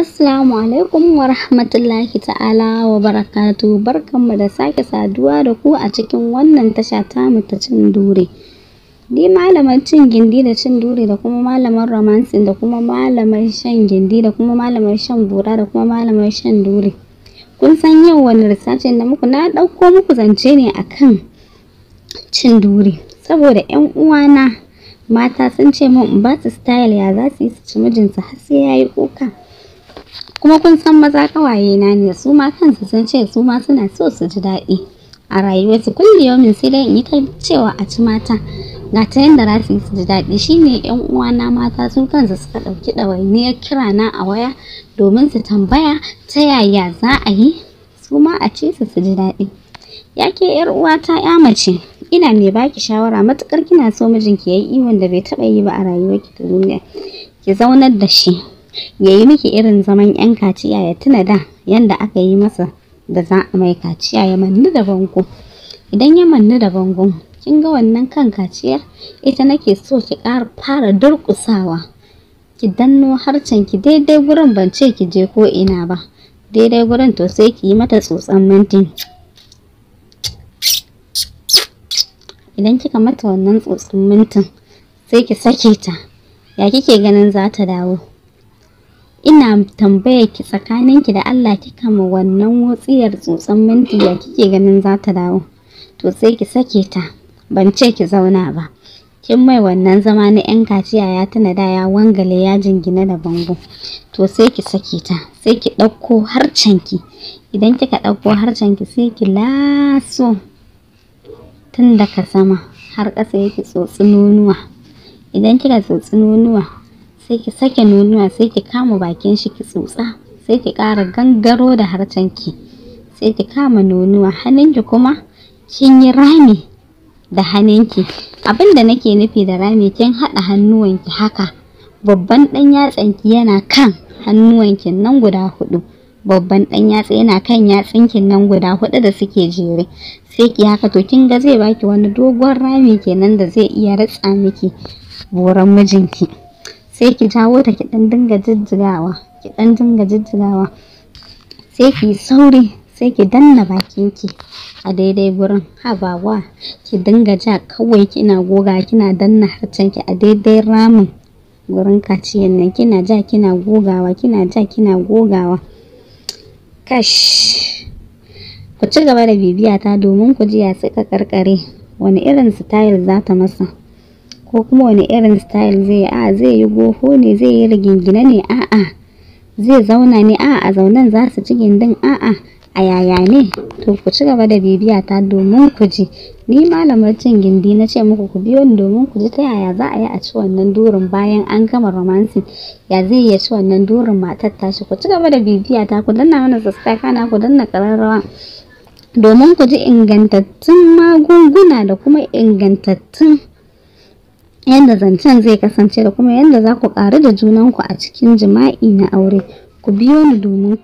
Assalamu alaikum wa rahmatullahi ta'ala wa barakatu barkanmu da sake saduwa da ku a cikin wannan tasha mu ta cin dure. Ni malamar cin gindi da cin dure da kuma malamar romancing da kuma malamar shan gindi da kuma malamar shan bura da kuma malamar shan dure. Kun san yau wani risacin da muku na ɗauko muku zance ne akan cin dure saboda 'yan uwana mata sun ce min ba su style ya za su yi su ci mijinsu har sai ya yi kuka. kuma kun san maza kawaye na ne su ma kansu sun ce su ma suna so su ji daɗi a rayuwarsu yau min sai dai in yi ta cewa a ci mata ga ta yadda za su yi su ji daɗi shine yan uwana mata su kansu suka ɗauki ɗawainiyar kira na a waya domin su tambaya ta yaya za a yi su ma a ce su ji daɗi ya ke yar uwata ya mace ina mai baki shawara matukar kina so mijinki yayi iwon da bai taɓa yi ba a rayuwarki ta duniya ki zaunar da shi ya yi miki irin zaman 'yan kaciya ya tuna da yadda aka yi masa da za a mai kaciya ya manni da bango idan ya manni da bango kin ga wannan kan kaciyar ita nake so ki ƙara fara durƙusawa ki danno harcen ki daidai gurin ban ce ki je ko ina ba daidai gurin to sai ki yi mata tsotsan minti idan kika mata wannan tsotsan mintin sai ki sake ta ya kike ganin za ta dawo ina tambayar ki tsakaninki da Allah kika ma wannan wutsiyar tsotsan minti ya kike ganin za ta dawo to sai ki sake ta ban ce ki zauna ba kin mai wannan zama na yan kaciya ya tana da ya wangale ya jingina da bango to sai ki sake ta sai ki ɗauko ki. idan kika ɗauko ki, sai ki laso tun daga sama har ƙasa yake tsotsi nonuwa idan kika tsotsi nonuwa sai ki sake nonuwa sai ki kama bakin shi ki tsotsa sai ki kara gangaro da harcen ki sai ki kama nonuwa ki kuma kin yi rami da ki abinda nake nufi da rami kin haɗa ki haka babban ɗan yatsanki yana kan hannuwan ki nan guda hudu babban ɗan yatsa yana kan yatsinkin nan guda hudu da suke jere sai ki haka to kin ga zai baki wani dogon rami kenan da zai iya ratsa miki boran mijinki sai ki jawo ta ki dan dinga jijjigawa ki dan dinga jijjigawa sai ki sauri sai ki danna bakin ki a daidai gurin habawa ki dinga ja kawai kina goga kina danna harcen ki a daidai ramin gurin kaciyan nan kina ja kina gogawa kina ja kina gogawa kash ku ci gaba da bibiyata domin ku ji ya suka karkare wani irin style za ta masa ko kuma wani irin style zai a zai yi goho ne zai yi rigingine ne a'a zai zauna ne a'a zaunan za su ci gindin a'a a yaya ne to ku ci gaba da bibiya ta domin ku ji ni malamar cin gindi na ce muku ku biyo ni domin ku ji ta yaya za a yi a ci wannan durin bayan an gama romancing ya zai iya ci wannan durin matar tashi ku ci gaba da bibiya ta ku danna mana subscribe kana ku danna kararrawa domin ku ji ingantattun magunguna da kuma ingantattun yanda zancen zai kasance da kuma yadda za ku ƙaru da junanku a cikin jima'i na aure. Ku biyo ni domin